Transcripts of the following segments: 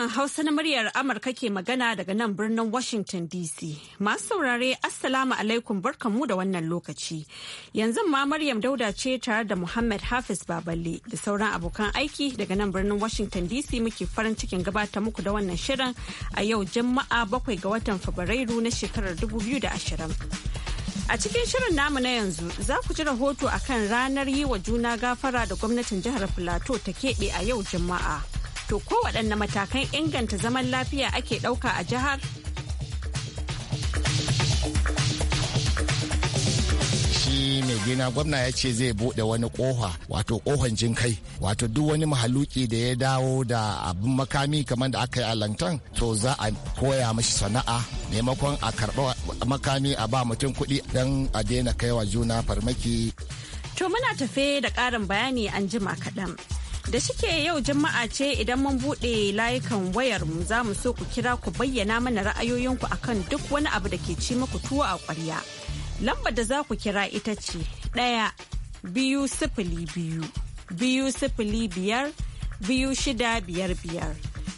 Sashen Hausa na muryar Amurka ke magana daga nan birnin Washington DC. Masu saurare Assalamu alaikum barkanmu da wannan lokaci. Yanzu ma Maryam Dauda ce tare da Muhammad Hafiz Baballe da sauran abokan aiki daga nan birnin Washington DC muke farin cikin gabata muku da wannan shirin a yau Juma'a bakwai ga watan Fabrairu na shekarar 2020. A cikin shirin namu na yanzu za ku ji rahoto akan ranar yi wa juna gafara da gwamnatin jihar Filato ta keɓe a yau Juma'a. To ko waɗanne matakan inganta zaman lafiya ake ɗauka a jihar? shi gina gwamna ya ce zai bude wani kofa wato kofan jin kai wato duk wani mahaluki da ya dawo da abin makami kamar da aka yi a lantan to za a koya mashi sana'a maimakon a karɓa makami a ba mutum kuɗi don a daina kaiwa juna farmaki to muna tafe da ƙarin bayani an jima kaɗan Da shike yau jama'a ce idan mun bude layukan wayar mu za mu so ku kira ku bayyana mana ra'ayoyinku akan duk wani abu da ke ci muku tuwo a ƙwarya. Lambar da za ku kira ita ce ɗaya biyu sifili biyu biyu sifili biyar biyu shida biyar biyar.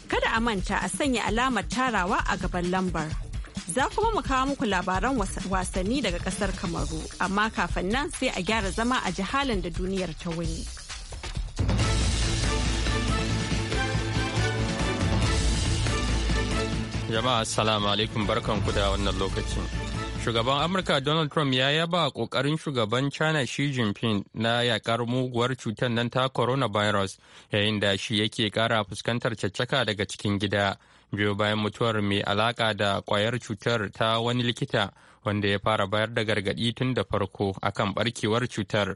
Kada a manta a sanya alamar tarawa a gaban lambar. Za kuma mu kawo muku labaran wasanni daga kasar Kamaru, amma kafin nan sai a gyara zama a jihalin da duniyar ta wuni. Jama'a assalamu alaikum ku da wannan lokacin. Shugaban Amurka Donald Trump ya yaba kokarin shugaban China Xi Jinping na yakar muguwar cutar nan ta coronavirus yayin da shi yake kara fuskantar caccaka daga cikin gida. Biyo bayan mutuwar mai alaka da kwayar cutar ta wani likita wanda ya fara bayar da gargadi tun da farko akan barkewar cutar.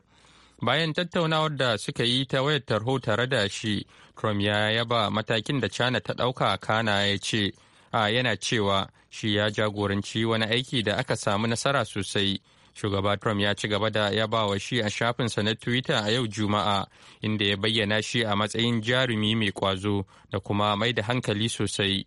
Bayan tattaunawar da suka yi ta wayar tarho tare da shi, Trump ya yaba matakin da China ta ɗauka kana ya ce. yana cewa shi ya jagoranci wani aiki da aka samu nasara sosai shugaba trump ya ci gaba da ya bawa shi a shafinsa na twitter a yau juma'a inda ya bayyana shi a matsayin jarumi mai kwazo da kuma mai da hankali sosai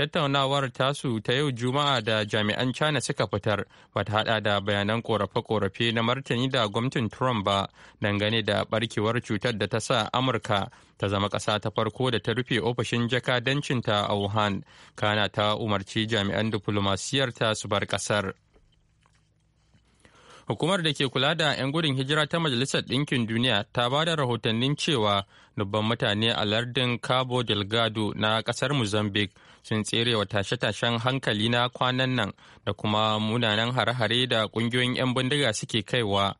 tattaunawar tasu ta yau juma'a da jami'an china suka fitar ba ta hada da bayanan korafe-korafe na martani da gwamnatin trump ba dangane da barkewar cutar da ta sa amurka ta zama kasa ta farko da ta rufe ofishin jakadancinta a wuhan kana ta umarci jami'an ta su bar kasar. Hukumar da ke kula da 'yan gudun hijira ta Majalisar Ɗinkin Duniya ta ba da rahotannin cewa dubban mutane a lardin Cabo Delgado na ƙasar Mozambique sun tsere wa tashe-tashen hankali na kwanan nan da kuma munanan hare-hare da ƙungiyoyin 'yan bindiga suke kaiwa.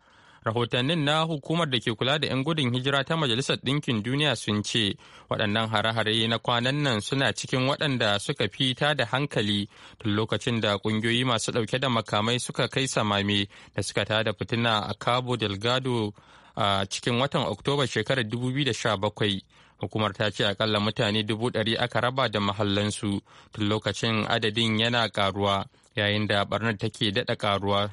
Rahotannin na hukumar da ke kula da 'yan gudun hijira ta Majalisar Ɗinkin Duniya sun ce waɗannan hare-hare na kwanan nan suna cikin waɗanda suka fi ta da hankali tun lokacin da ƙungiyoyi masu ɗauke da makamai suka kai samame da suka ta da fitina a Cabo Delgado a cikin watan Oktoba shekarar 2017. Hukumar ta ce akalla mutane dubu ɗari aka raba da mahallansu tun lokacin adadin yana karuwa yayin da barnar take daɗa karuwa.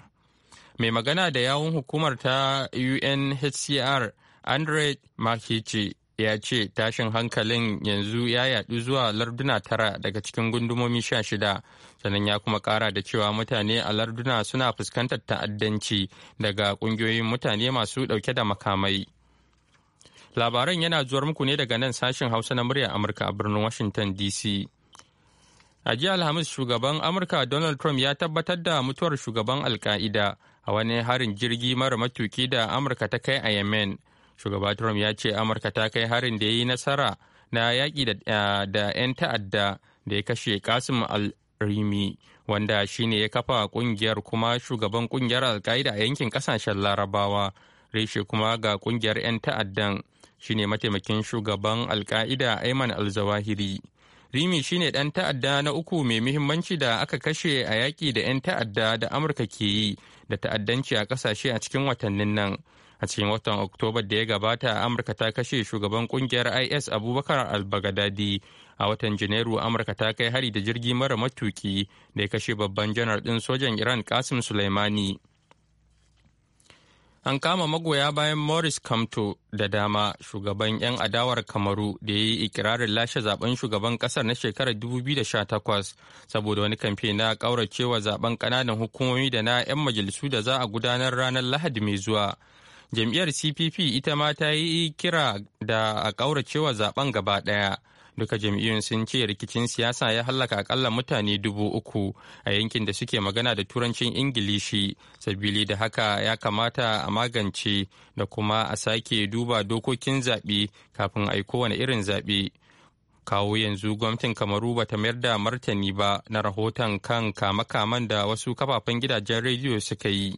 Mai magana da yawun hukumar ta UNHCR Andre makice ya ce tashin hankalin yanzu ya yaɗu zuwa larduna tara daga cikin gundumomi sha shida sannan ya kuma ƙara da cewa mutane a larduna suna fuskantar ta'addanci daga ƙungiyoyin mutane masu ɗauke da makamai. Labaran yana zuwar muku ne daga nan sashen Hausa na muryar Amurka a birnin Washington DC. A jiya Alhamis shugaban Amurka Donald Trump ya tabbatar da mutuwar shugaban Alka'ida a wani harin jirgi mara matuki da Amurka ta kai a Yemen. Shugaba Trump ya ce Amurka ta kai harin da ya yi nasara na yaƙi da eh, 'yan ta'adda da ya kashe Kasim Al-Rimi wanda shi ne ya kafa ƙungiyar kuma shugaban ƙungiyar Alka'ida a yankin ƙasashen Larabawa. Reshe kuma ga ƙungiyar 'yan ta'addan. shine mataimakin shugaban alka'ida Ayman al-Zawahiri. Rimi shine ɗan ta'adda na uku mai muhimmanci da aka kashe a yaƙi da 'yan ta'adda da Amurka ke yi da ta'addanci a ƙasashe a cikin watannin nan. A cikin watan Oktoba da ya gabata, Amurka ta kashe shugaban ƙungiyar IS Abubakar al-Baghdadi. A watan Janairu, Amurka ta kai hari da jirgi mara matuki da ya kashe babban janar ɗin sojan Iran kasim Soleimani. An kama magoya bayan Morris Kamto da dama shugaban 'yan adawar Kamaru da ya yi ikirarin lashe zaben shugaban kasar na shekarar 2018 saboda wani kamfe na kauracewa zaben kananan hukumomi da na 'yan majalisu da za a gudanar ranar Lahadi mai zuwa. Jam'iyyar CPP ita ma ta yi kira da a kauracewa zaben gaba ɗaya. duka jam'iyyun sun ce rikicin siyasa ya hallaka akalla mutane dubu uku a yankin da suke magana da turancin ingilishi sabili da haka ya kamata a magance da kuma a sake duba dokokin zaɓe kafin a yi kowane irin zaɓe kawo yanzu gwamnatin kamaru ba ta mayar da martani ba na rahoton kan kama-kaman da wasu kafafen gidajen rediyo suka yi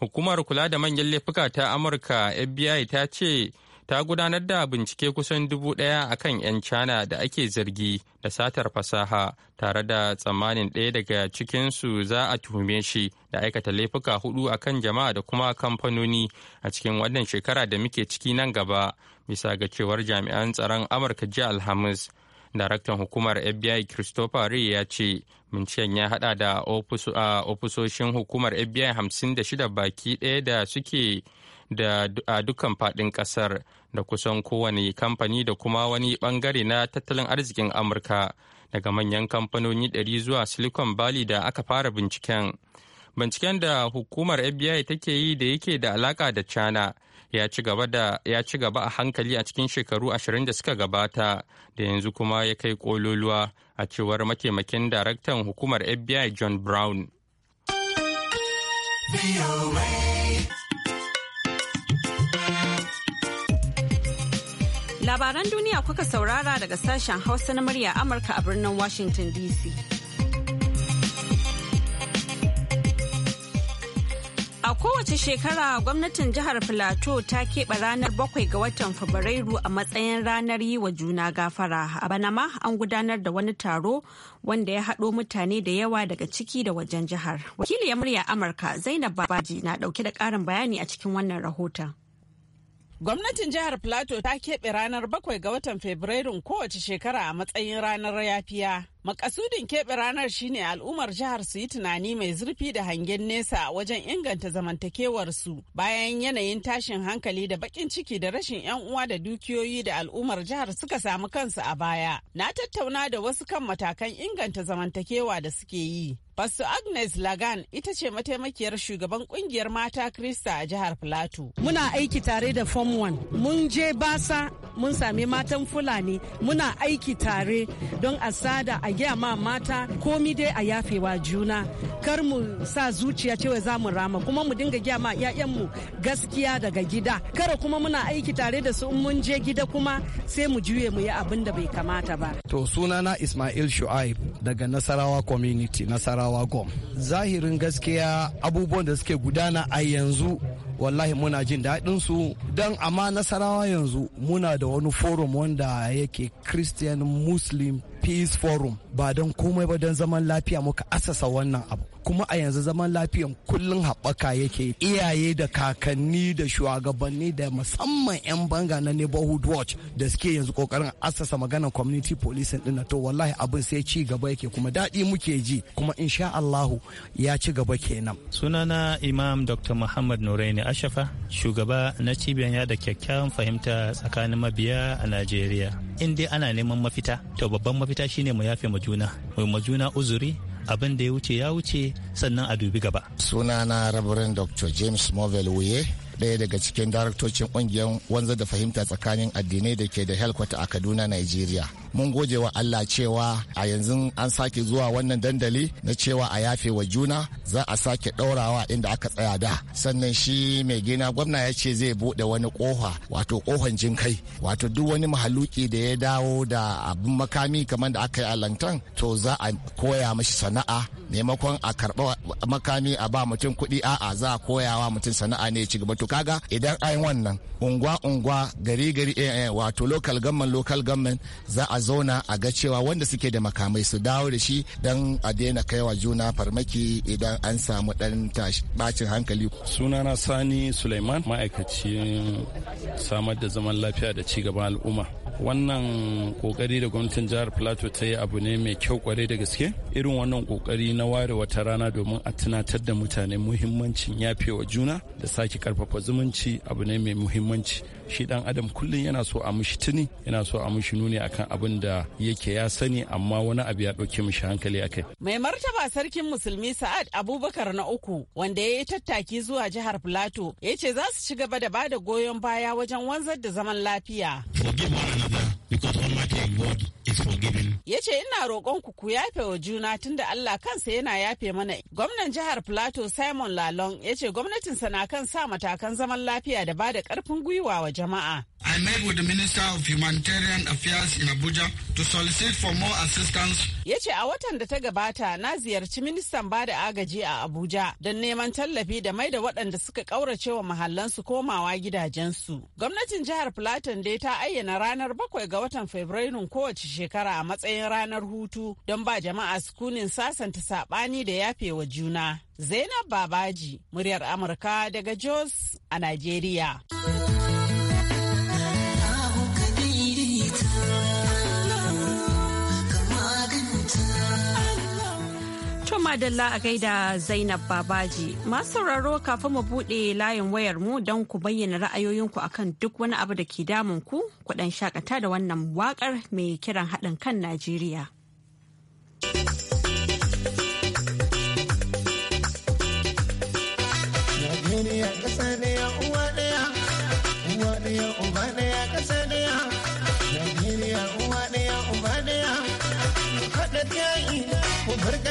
hukumar kula da manyan laifuka ta amurka fbi ta ce ta gudanar da bincike kusan dubu ɗaya a kan 'yan China da ake zargi da satar fasaha tare da tsammanin ɗaya daga cikinsu za a tuhume shi da aikata laifuka hudu a kan jama'a da kuma kamfanoni a cikin wannan shekara da muke ciki nan gaba bisa ga cewar jami'an tsaron Amurka jiya Alhamis. Daraktan hukumar FBI Christopher Ray ya ce binciken ya hada da ofisoshin hukumar FBI 56 baki ɗaya da suke da a dukkan faɗin ƙasar da kusan kowane kamfani da kuma wani bangare na tattalin arzikin amurka daga manyan kamfanoni 100 zuwa silicon valley da aka fara binciken binciken da hukumar fbi take yi da yake da alaka da china ya ci gaba a hankali a cikin shekaru ashirin da suka gabata da yanzu kuma ya kai kololuwa a cewar mataimakin daraktan hukumar fbi john brown Labaran duniya kuka saurara daga sashen Hausa na murya Amurka a birnin Washington DC. A kowace shekara gwamnatin jihar Filato ta keɓe ranar bakwai ga watan Fabrairu a matsayin ranar yi wa juna gafara. A bana ma an gudanar da wani taro wanda ya haɗo mutane da yawa daga ciki da wajen jihar. Wakiliyar murya Amurka Zainab Babaji na ɗauke da ƙarin bayani a cikin wannan rahoton. Gwamnatin jihar Plateau ta keɓe ranar bakwai ga watan Fabrairun kowace shekara a matsayin ranar yafiya. Makasudin keɓe ranar shine al'ummar jihar su yi tunani mai zurfi da hangen nesa wajen inganta zamantakewarsu bayan yanayin tashin hankali da bakin ciki da rashin 'yan uwa da dukiyoyi da al'ummar jihar suka samu kansu a baya. Na tattauna da wasu kan matakan inganta zamantakewa da suke yi. Pastor Agnes Lagan ita ce mataimakiyar shugaban kungiyar mata Krista a jihar Plateau. Muna aiki tare da Form 1. Mun je basa mun sami matan fulani muna aiki tare don a sada a gaya ma mata komi dai a yafewa juna kar mu sa zuciya cewa za mu rama kuma mu dinga gaya ma mu gaskiya daga gida kara kuma muna aiki tare da su mun je gida kuma sai mu juye mu yi abin da bai kamata ba to sunana ismail shu'aib daga nasarawa community nasarawa gom zahirin gaskiya abubuwan da suke gudana a yanzu wallahi muna jin daɗin su don amma nasarawa yanzu muna da wani forum wanda yake christian muslim peace forum ba don komai ba don zaman lafiya muka asasa wannan abu kuma a yanzu zaman lafiyan kullum haɓaka yake iyaye da kakanni da shugabanni da musamman 'yan banga na neighborhood watch da suke yanzu kokarin asasa maganar community policing din to wallahi abin sai ci gaba yake kuma daɗi muke ji kuma insha Allahu ya ci gaba kenan sunana imam dr muhammad nuraini ashafa shugaba na cibiyar yada kyakkyawan fahimta tsakanin mabiya a najeriya in dai ana neman mafita to babban mafita shine mu yafe ma juna mu ma uzuri abin da ya wuce ya wuce sannan a dubi gaba sunana rabarin dr james movel wuye daya daga cikin daraktocin kungiyar wanzar da fahimta tsakanin addinai da ke da helkwata a kaduna nigeria mun gode wa Allah cewa a yanzu an sake zuwa wannan dandali na cewa a yafe wa juna za a sake ɗaurawa inda aka tsaya da sannan shi mai gina gwamna ya ce zai buɗe wani kofa wato kofan jin kai wato duk wani mahaluki da ya dawo da abin makami kamar da aka yi a lantan to za a koya mashi sana'a maimakon a karɓa makami a ba mutum kuɗi a'a za a koyawa mutum sana'a ne ya ci gaba to kaga idan an wannan unguwa unguwa gari gari eh, eh, wato local government local government za a zauna a ga cewa wanda suke da makamai su dawo da shi don a daina kaiwa juna farmaki idan an samu dan bacin hankali sunana sani suleiman ma'aikacin samar da zaman lafiya da cigaban al'umma wannan kokari da gwamnatin jihar plateau ta yi abu ne mai kyau kwarai da gaske irin wannan kokari na ware wata rana domin a tunatar da mutane muhimmancin yafewa juna da sake karfafa zumunci abu ne mai muhimmanci shi dan adam kullum yana so a mushi tuni yana so a mushi nuni akan abin da yake ya sani amma wani abu ya dauke mushi hankali akai mai martaba sarkin musulmi sa'ad abubakar na uku wanda ya yi tattaki zuwa jihar plateau ya ce za su ci gaba da bada goyon baya wajen wanzar da zaman lafiya Yace Ya ce ina roƙon ku ku yafe wa juna tunda Allah kansa yana yafe mana. Gwamnan jihar Plateau Simon Lalong ya ce gwamnatinsa na kan sa matakan zaman lafiya da ba da ƙarfin gwiwa wa jama'a. I met with the Minister of Humanitarian Affairs in Abuja to solicit for more assistance. Ya ce a watan da ta gabata na ziyarci ministan bada agaji a Abuja don neman tallafi da mai da waɗanda suka ƙaurace wa mahallansu komawa gidajensu. Gwamnatin jihar Plateau dai ta ayyana ranar bakwai ga watan Fabrairun kowace shekara a matsayin ranar hutu don ba jama'a sukunin sasanta saɓani da yafe wa juna. Zainab Babaji, muryar Amurka daga Jos a Najeriya. To madalla a gaida Zainab Babaji. Masu sauraro kafin mu buɗe layin wayar mu don ku bayyana ra'ayoyinku akan duk wani abu da ke damun ku kuɗan shakata da wannan wakar mai kiran haɗin kan Najeriya. uwa ɗaya, uwa ɗaya uba ɗaya ƙasa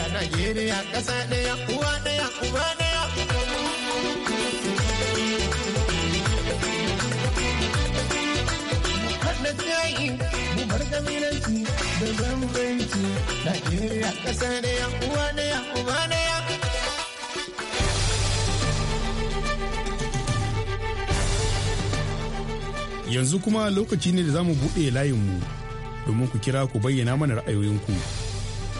Najeriya, Najeriya, ƙasa ɗaya, uwa ɗaya, uba ɗaya. mu bar da bambanci. Najeriya, ƙasa ɗaya, uwa ɗaya, uba ɗaya. Yanzu kuma lokaci ne da za mu buɗe layinmu domin ku kira ku bayyana mana ra'ayoyinku.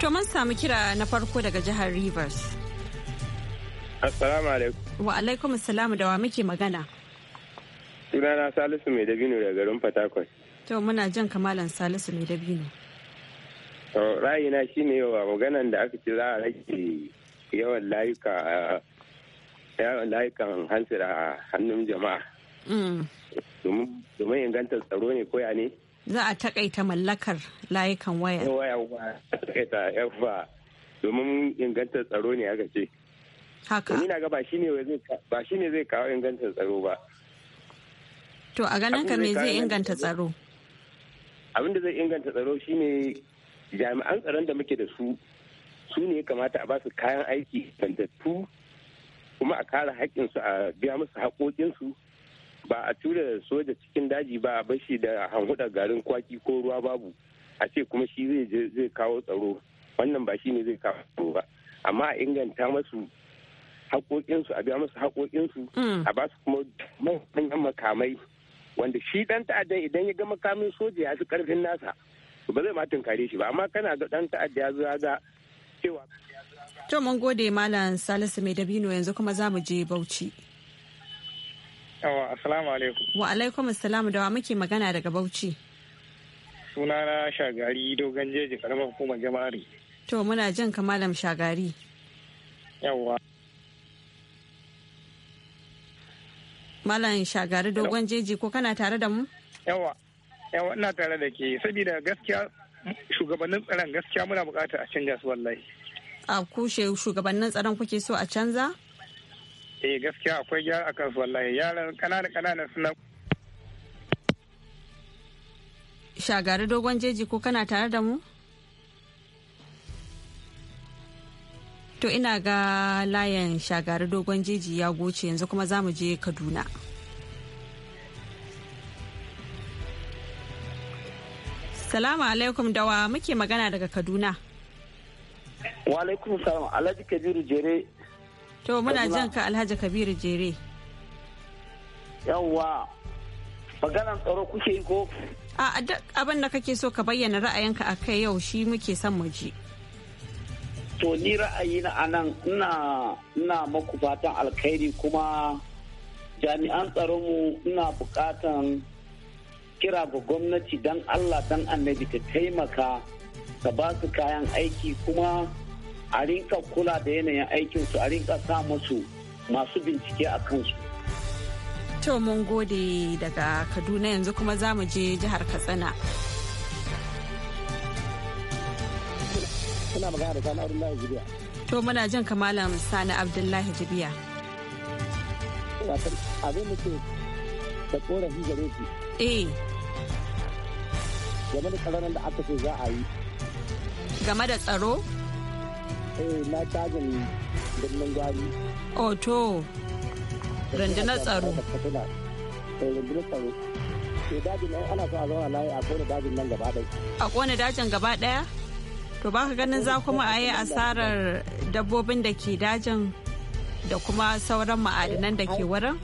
To mun samu kira na farko daga jihar Rivers. Assalamu alaikum. Wa alaikum assalamu da wa muke magana. Sunana Salisu mai dabino daga garin Fatakwal. To muna jan kamalan Salisu mai dabino. To ra'ayina shine yawa maganan da aka ce za a rage yawan layuka yawan layukan hansira a hannun jama'a. Mm. Domin inganta tsaro ne koya ne? za a takaita mallakar layukan waya yawa a takaita yawa domin ingantar tsaro ne aka ce haka ni na ga ba shi ne zai kawo ingantar tsaro ba to a ganin ka me zai inganta tsaro abin da zai inganta tsaro shi ne jami'an tsaron da muke da su su ne kamata a basu kayan aiki ingantattu kuma a kare haƙƙinsu a biya musu haƙoƙinsu ba a tura soja cikin daji ba a bashi da hanhuda garin kwaki ko ruwa babu a ce kuma shi zai zai kawo tsaro wannan ba shi ne zai kawo tsaro ba amma a inganta masu haƙoƙinsu a biya masu haƙoƙinsu mm. a ba su kuma manyan makamai wanda shi ɗan ta'addan idan ya ga makamin soja ya fi ƙarfin nasa ba zai ma tunkare shi ba amma kana ga ɗan ta'adda ya zo ga cewa. To mun gode Malam Salisu Mai Dabino yanzu kuma za mu je Bauchi. Yawa, assalamu alaikum. Wa alaikum assalam da wa muke magana daga Bauchi. Sunana Shagari Dogon Jeji karamar hukumar jama'ari. To muna jan kamalam Shagari. Yawa. Malam Shagari Dogon Jeji ko kana tare da mu? Yawa. Yawa ina tare da ke saboda gaskiya shugabannin tsaron gaskiya muna bukata a canja su wallahi. A kushe shugabannin tsaron kuke so a canza? eh gaskiya akwai gyara a kansu wallahi yaran kanana kanana suna shagari dogon jeji ko kana tare da mu to ina ga layan shagari dogon jeji ya goce yanzu kuma za mu je kaduna salamu alaikum dawa muke magana daga kaduna wa alaikum salam alhaji kabiru jere To muna jan ka Alhaji Kabiru Jere. Yawwa. Maganan tsaro kuke yi ko? A duk abin da kake so ka bayyana ra'ayinka a kai yau shi muke son mu ji. To ni ra'ayi na anan ina ina maku fatan alkhairi kuma jami'an tsaronmu ina bukatan kira ga gwamnati don Allah don annabi ta taimaka ta ba su kayan aiki kuma a rinka kula da yanayin aikinsu a rinka sa musu masu bincike a kansu To mun gode daga Kaduna yanzu kuma za mu je jihar Katsina. Kuna magana da Sani Abdullahi Jibiya. To muna jin kamalan Sani Abdullahi Jibiya. Abin da ke da korafi gare shi. Eh. Game da tsaron da aka ce za a yi. Game da tsaro? Eh, na oto oh, eh, rundunar tsaro rundunar to dajin nan ana zauna dajin gaba ɗaya to baka ganin za kuma a yi asarar dabbobin da ke dajin da kuma sauran ma'adanan da ke wurin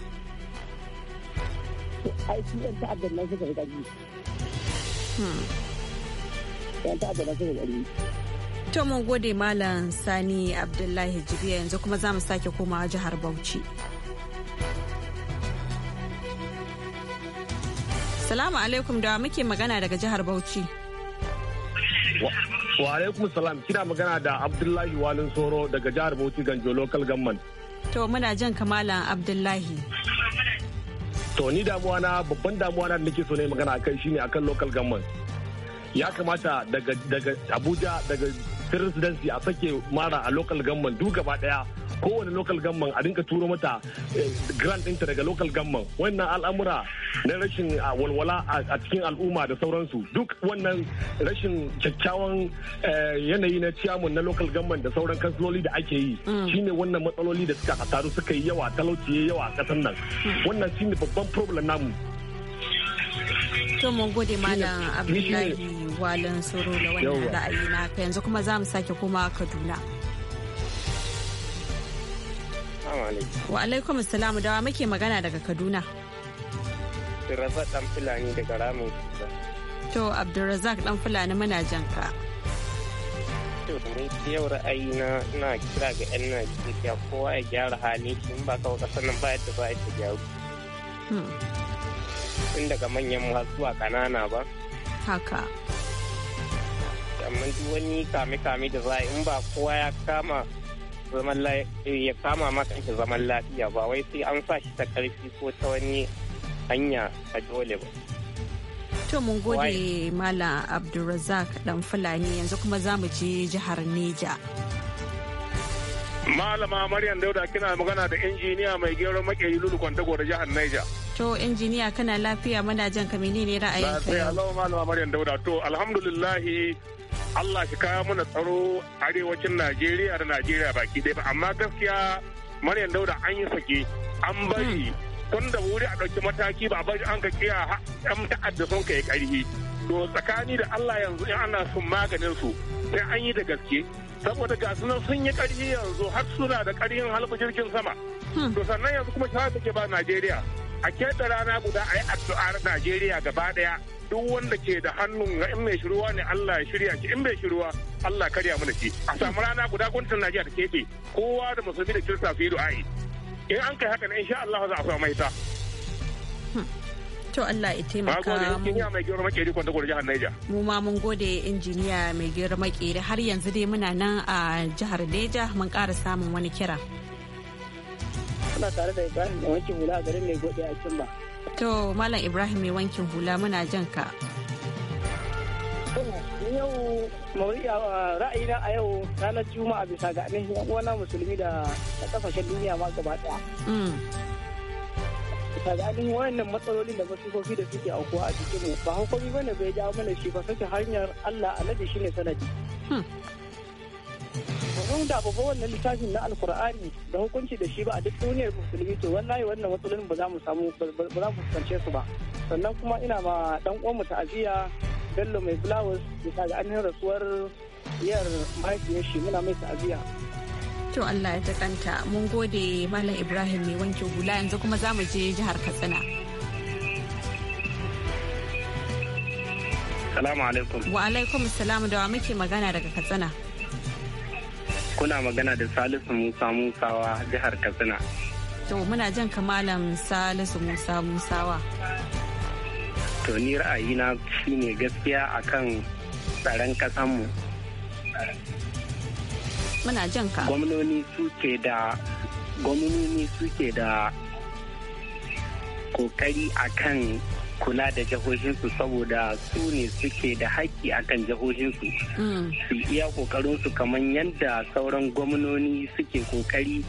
To mun gode Malam Sani Abdullahi Jibiya yanzu kuma za mu sake komawa jihar Bauchi. Salamu alaikum da muke magana daga jihar Bauchi. Wa alaikum salam kina magana da Abdullahi Walin Soro daga jihar Bauchi Ganjo Local Government. To muna jan kamalan Abdullahi. To ni damuwa na babban damuwa na nake so ne magana akan shine akan local government. Ya kamata daga Abuja daga residency a sake mara a local gamman duk gaba daya kowane local gamman a dinka turo mata eh, grand ɗinta daga local gamman wannan al'amura na rashin ah, walwala a cikin al'umma da sauransu duk wannan rashin kyakkyawan eh, yanayi na ciyamun na local gamman da sauran kansiloli da ake yi mm. shine wannan matsaloli da suka taru suka yi yawa talauci yawa a ƙasar nan mm. wannan shine babban problem namu To mun gode malam Abdullahi Walin Soro da wannan ra'ayi ka yanzu kuma za mu sake koma Kaduna. Wa alaikum salamu dawa muke magana daga Kaduna. Abdulrazak dan Fulani daga Ramin To Abdulrazak dan Fulani muna jan ka. To yau ra'ayi na na kira ga 'yan Najeriya kowa ya gyara hali shi in ba kawai kasar nan ba yadda ba ya gyaru. Hmm. tun daga manyan masu zuwa kanana ba haka amma duk wani kame-kame da za in ba kowa ya kama zaman ya kama maka zaman lafiya ba wai sai an sa shi ta karfi ko ta wani hanya a dole ba To mun gode Mala Abdulrazak dan Fulani yanzu kuma za mu je jihar Neja. Malama Maryam Dauda kina magana da injiniya mai gero makeri lulu dago da jihar Neja. To injiniya kana lafiya mana jan ka menene ra'ayin ka? Lafiya Allah malama Maryam Dauda to alhamdulillah Allah shi kawo mana tsaro arewacin Najeriya da Najeriya baki ɗaya ba amma gaskiya Maryam Dauda an yi sake an bari hmm. tun da wuri a ɗauki mataki ba bari an ka kiya an ta'adda sun kai ƙarfi to tsakani da Allah yanzu in ana son maganin su sai an yi da gaske saboda ga sunan sun yi ƙarfi yanzu har suna da ƙarfin halbu jirgin sama hmm. to sannan yanzu kuma shawara take ba Najeriya a keta rana guda a yi addu'ar Najeriya gaba daya duk wanda ke da hannun ga in mai shiruwa ne Allah ya shirya shi in bai shiruwa Allah karya mana shi a samu rana guda gwamnatin Najeriya ta keɓe kowa da musulmi da kirista su yi du'a'i in an kai haka ne insha Allah za a samu ta. to Allah ya taimaka mu. Mu ma mun gode injiniya mai gero makeri har yanzu dai muna nan a jihar Deja mun ƙara samun wani kira. Kuna tare da Ibrahim da wankin hula a garin mai gode a cin ba. To Malam Ibrahim mai wankin hula muna jan ka. Yau ra'ayina a yau ranar Juma'a bisa ga ne yan na musulmi da kasashen duniya ma gaba daya. Mm. Bisa ga ainihin wayannan matsalolin da masifofi da suke aukuwa a cikin mu ba hukumi bane bai jawo mana shi ba sake hanyar Allah shi ne sanadi. Hmm. in da ba wannan littafin na alkur'ani da hukunci da shi ba a duk duniyar musulmi to wallahi wannan matsalolin ba za mu samu ba za mu fuskance su ba sannan kuma ina ma dan uwan mu ta'aziyya bello mai flowers bisa ga ainihin rasuwar yar mahaifiyar shi muna mai ta'aziyya to Allah ya takanta mun gode malam Ibrahim mai wanke hula yanzu kuma za mu je jihar Katsina Salamu alaikum. Wa alaikum salam da wa muke magana daga Katsina. kuna magana da salisu musa musawa jihar katsina to muna jan kamalan salisu musa musawa to ni ra'ayina shine gaskiya akan tsaron kasanmu muna jan ka gwamnoni suke da gwamnoni suke da kokari akan kula da jihohinsu saboda su ne suke da haƙƙi akan jihohinsu mm. su iya ƙoƙarinsu kamar yadda sauran gwamnoni suke ƙoƙari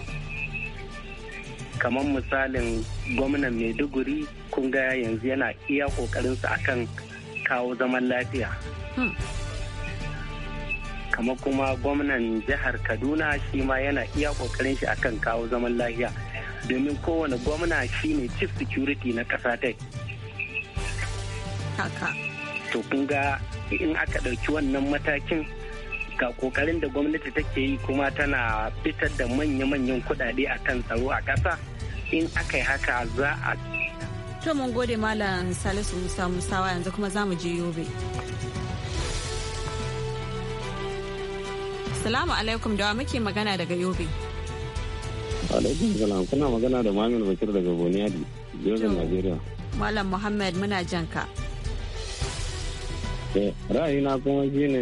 kamar misalin gwamnan maiduguri kun ga yanzu yana iya ƙoƙarinsu akan kawo zaman lafiya hmm. kama kuma gwamnan jihar kaduna shi ma yana iya ƙoƙarin shi akan kawo zaman lafiya domin kowane gwamna shi ne chief security na ƙasa ta haka to kun ga in aka ɗauki wannan matakin ga kokarin da gwamnati take yi kuma tana fitar da manya-manyan kuɗaɗe a kan tsaro a ƙasa in aka yi haka za a to mun gode malam salisu musa musawa yanzu kuma za mu je yobe salamu alaikum da muke magana daga Yobe. Alaikum salam kuna magana da Mamin Bakir daga Boniyadi, Yobe, Najeriya. Malam Muhammad muna janka. ka. ra'ayina kuma shi ne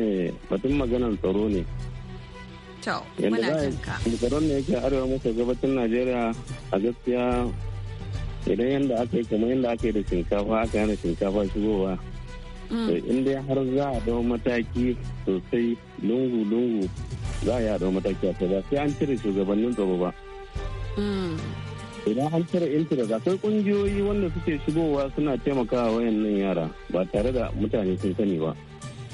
batun maganar tsaro ne kyau muna jinka. Tsaron ne yake arewa maso gabacin Najeriya a gaskiya idan yadda aka yi kamar yadda aka yi da shinkafa aka yana shinkafa shigowa. Mm. To in dai har za a dau mataki sosai lungu-lungu za a yi a dau mataki a ba sai an cire shugabannin tsaro ba. Mm. idan an cire intanet akwai kungiyoyi wanda suke shigowa suna taimakawa wayannan yara ba tare da mutane sun sani ba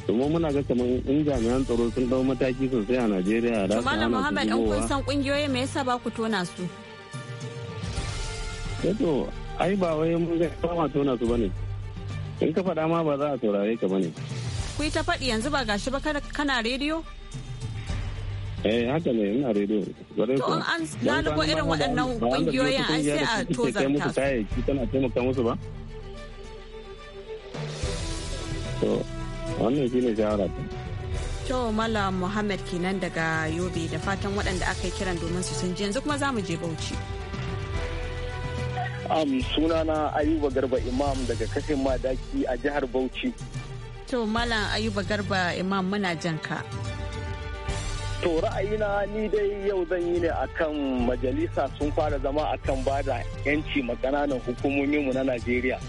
domin muna ga kamar in jami'an tsaro sun dau mataki sosai a najeriya da su hana muhammad an kun san kungiyoyi me yasa ba ku tona su yato eh ai ba wai mun ga kama tona su bane in ka faɗa ma ba za a saurare ka bane ku yi ta faɗi yanzu ba gashi ba kana rediyo Eh haka ne ina rediyo. To an ko irin waɗannan ƙungiyoyin an sai a tozarta su. ki tana taimaka musu ba? To wannan shi ne jawara To Malam Muhammad kenan daga Yobe da fatan waɗanda aka yi kiran domin su sun ji yanzu kuma za mu je Bauchi. suna na Ayuba Garba Imam daga kashin madaki a jihar Bauchi. To Malam Ayuba Garba Imam muna jan ka. To ra'ayina ni dai yau zan yi ne akan majalisa sun fara zama akan ba da 'yanci makananan hukumominmu na Najeriya.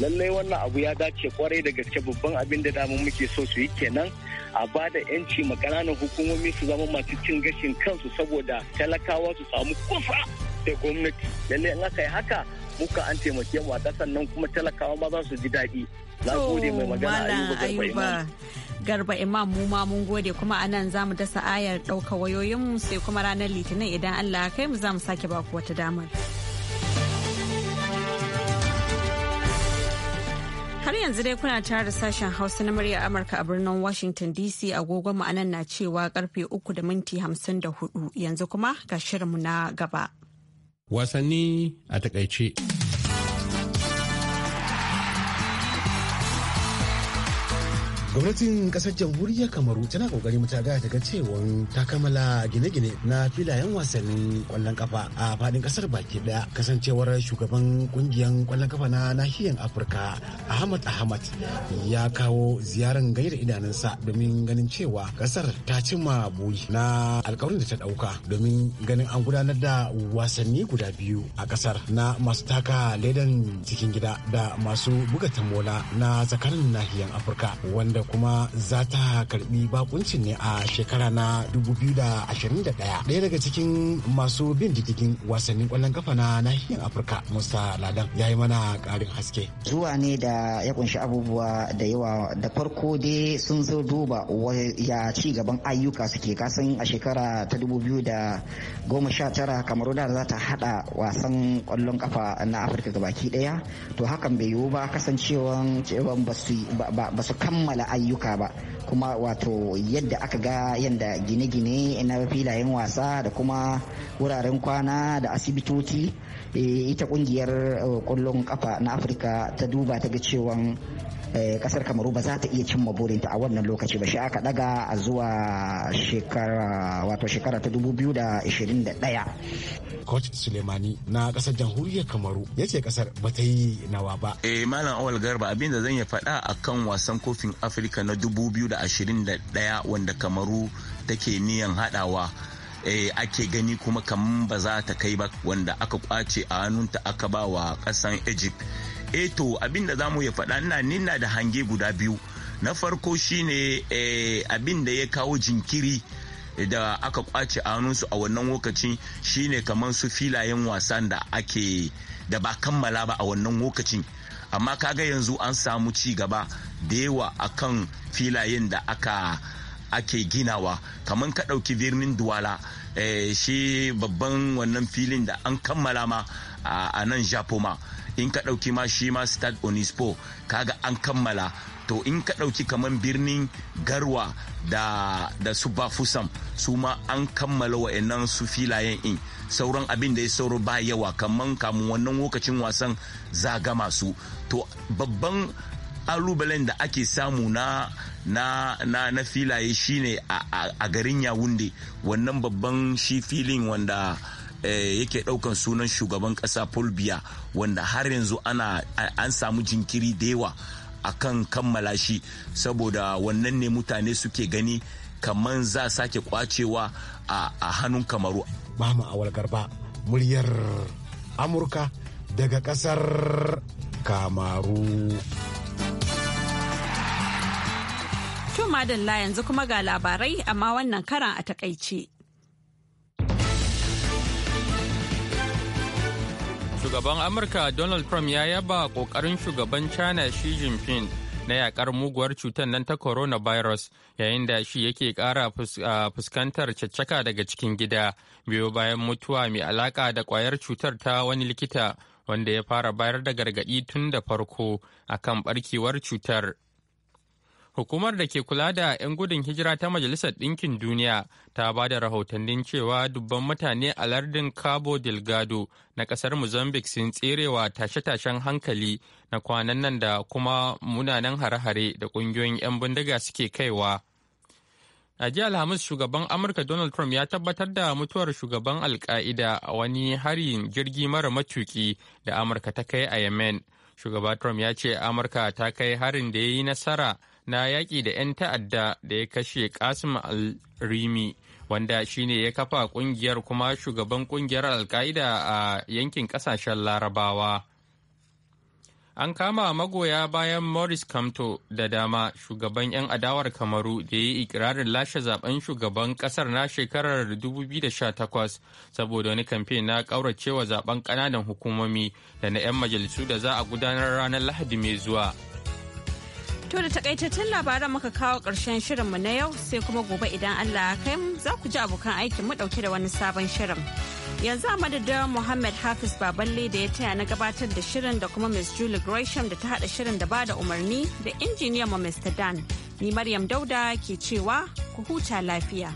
Lallai wannan abu ya dace kwarai da gaske babban abin da damu muke so su yi kenan a ba da 'yanci ma hukumomi su zama masu cin gashin kansu saboda talakawa su samu kusa da gwamnati. Lallai in aka yi haka muka an taimake mu a nan kuma talakawa ma za su ji daɗi na gode mai magana ayuba garba imam mu ma mun gode kuma anan za mu dasa ayar ɗauka wayoyin sai kuma ranar litinin idan allah kai mu za mu sake baku wata damar. Har yanzu dai kuna tare da sashen Hausa na murya Amurka a birnin Washington DC agogon mu anan na cewa karfe uku da minti hamsin da hudu yanzu kuma ga shirinmu na gaba. wasanni a takaice. gwamnatin kasar jamhuriyar kamaru tana kokarin mutaga daga cewa ta kammala gine-gine na filayen wasannin kwallon kafa a fadin kasar baki daya kasancewar shugaban kungiyar kwallon kafa na nahiyar afirka ahmad ahmad ya kawo ziyaran gayyar idanunsa domin ganin cewa kasar ta cimma buri na alkawarin da ta dauka domin ganin an gudanar da wasanni guda biyu a kasar na masu taka ledan cikin gida da masu buga tamola na tsakanin nahiyar afirka wanda da kuma za ta karbi bakuncin ne a shekara na 2021 ɗaya daga cikin masu bin diddigin wasannin kwallon kafa na nahiyar afirka musta ladan ya yi mana karin haske zuwa ne da ya kunshi abubuwa da yawa da farko dai sun zo duba ya ci gaban ayyuka suke kasan a shekara ta 2019 kamar da za ta hada wasan kwallon kafa na afirka gabaki daya to hakan bai yiwu ba kasancewan cewa ba su kammala ayyuka ba kuma wato yadda aka ga yadda gine-gine na filayen wasa da kuma wuraren kwana da asibitoci eh, ita kungiyar kwallon eh, kafa na afirka ta duba ta ga cewa Eh, kasar kamaru ba za ta iya cimma burinta a wannan lokaci ba shi aka daga a zuwa shekara wato shekara ta 2021 coach sulemani na kasar jamhuriyar kamaru ya ce kasar ba ta yi nawa ba eh malam awal garba abinda zan ya faɗa kan wasan kofin afirka na 2021 wanda kamaru take niyan hadawa eh, ake gani kuma kamar ba za ta kai ba wanda aka kwace a hannunta aka ba wa kasan egypt eto eh to abin da zamu ya faɗa na nina da hange guda biyu na farko shine eh, abin da ya kawo jinkiri da aka kwace a hannunsu a wannan lokaci shine kamar su filayen wasan da ake da ba kammala ba a wannan lokacin amma kaga yanzu an samu ci gaba da yawa akan filayen da aka ake ginawa kamar ka ɗauki birnin duwala eh, shi babban wannan filin da an kammala ma a nan japoma in ka ɗauki ma shi ma stade onispo kaga an kammala to in ka ɗauki kamar birnin garwa da, da su bafusam su ma an kammala wa'annan su filayen in sauran abin da ya sauro ba yawa kamar kamun wannan lokacin wasan zaga masu. to babban alubalen da ake samu na na na, na filaye shine a, a, a garin yawunde wannan babban shi filin wanda Eh, yake daukan sunan shugaban kasa fulbiya wanda har yanzu ana an samu jinkiri da yawa akan kammala shi saboda wannan ne mutane suke gani kamar za sake kwacewa a hannun kamaru a awal garba muryar amurka daga kasar kamaru Tun madalla yanzu kuma ga labarai amma wannan karan a takaice. Shugaban Amurka Donald Trump ya yaba kokarin shugaban China Xi Jinping na yakar muguwar cutar nan ta coronavirus yayin da shi yake kara fuskantar caccaka daga cikin gida biyo bayan mutuwa mai alaka da kwayar cutar ta wani likita wanda ya fara bayar da gargaɗi tun da farko akan barkewar cutar. Hukumar da ke kula da 'yan gudun hijira ta Majalisar Ɗinkin Duniya ta ba da rahotannin cewa dubban mutane a lardin Cabo Delgado na ƙasar Mozambique sun tserewa tashe-tashen hankali na kwanan nan da kuma munanan hare-hare da ƙungiyoyin 'yan bindiga suke kaiwa. A jiya Alhamis shugaban Amurka Donald Trump ya tabbatar da mutuwar shugaban Alka'ida a wani harin jirgi mara matuki da Amurka ta kai a Yemen. Shugaba Trump ya ce Amurka ta kai harin da ya yi nasara na yaƙi da 'yan ta'adda da ya kashe kasim al-rimi wanda shine ya kafa ƙungiyar kuma shugaban ƙungiyar alka'ida a yankin ƙasashen larabawa an kama magoya bayan morris kamto da dama shugaban 'yan adawar kamaru da ya yi ikirarin lashe zaben shugaban kasar na shekarar 2018 saboda wani kamfe na kauracewa zaben kananan hukumomi da na 'yan majalisu da za a gudanar ranar lahadi mai zuwa To da takaitattun labaran muka kawo ƙarshen shirinmu na yau sai kuma gobe idan Allah ya kai mu za ku ji abokan aikin mu ɗauke da wani sabon shirin. Yanzu a madadin Muhammad Hafiz Baballe da ya taya na gabatar da shirin da kuma Miss Julie Gresham da ta haɗa shirin da bada umarni da injiniyan mu Mr. Dan. Ni Maryam Dauda ke cewa ku huta lafiya.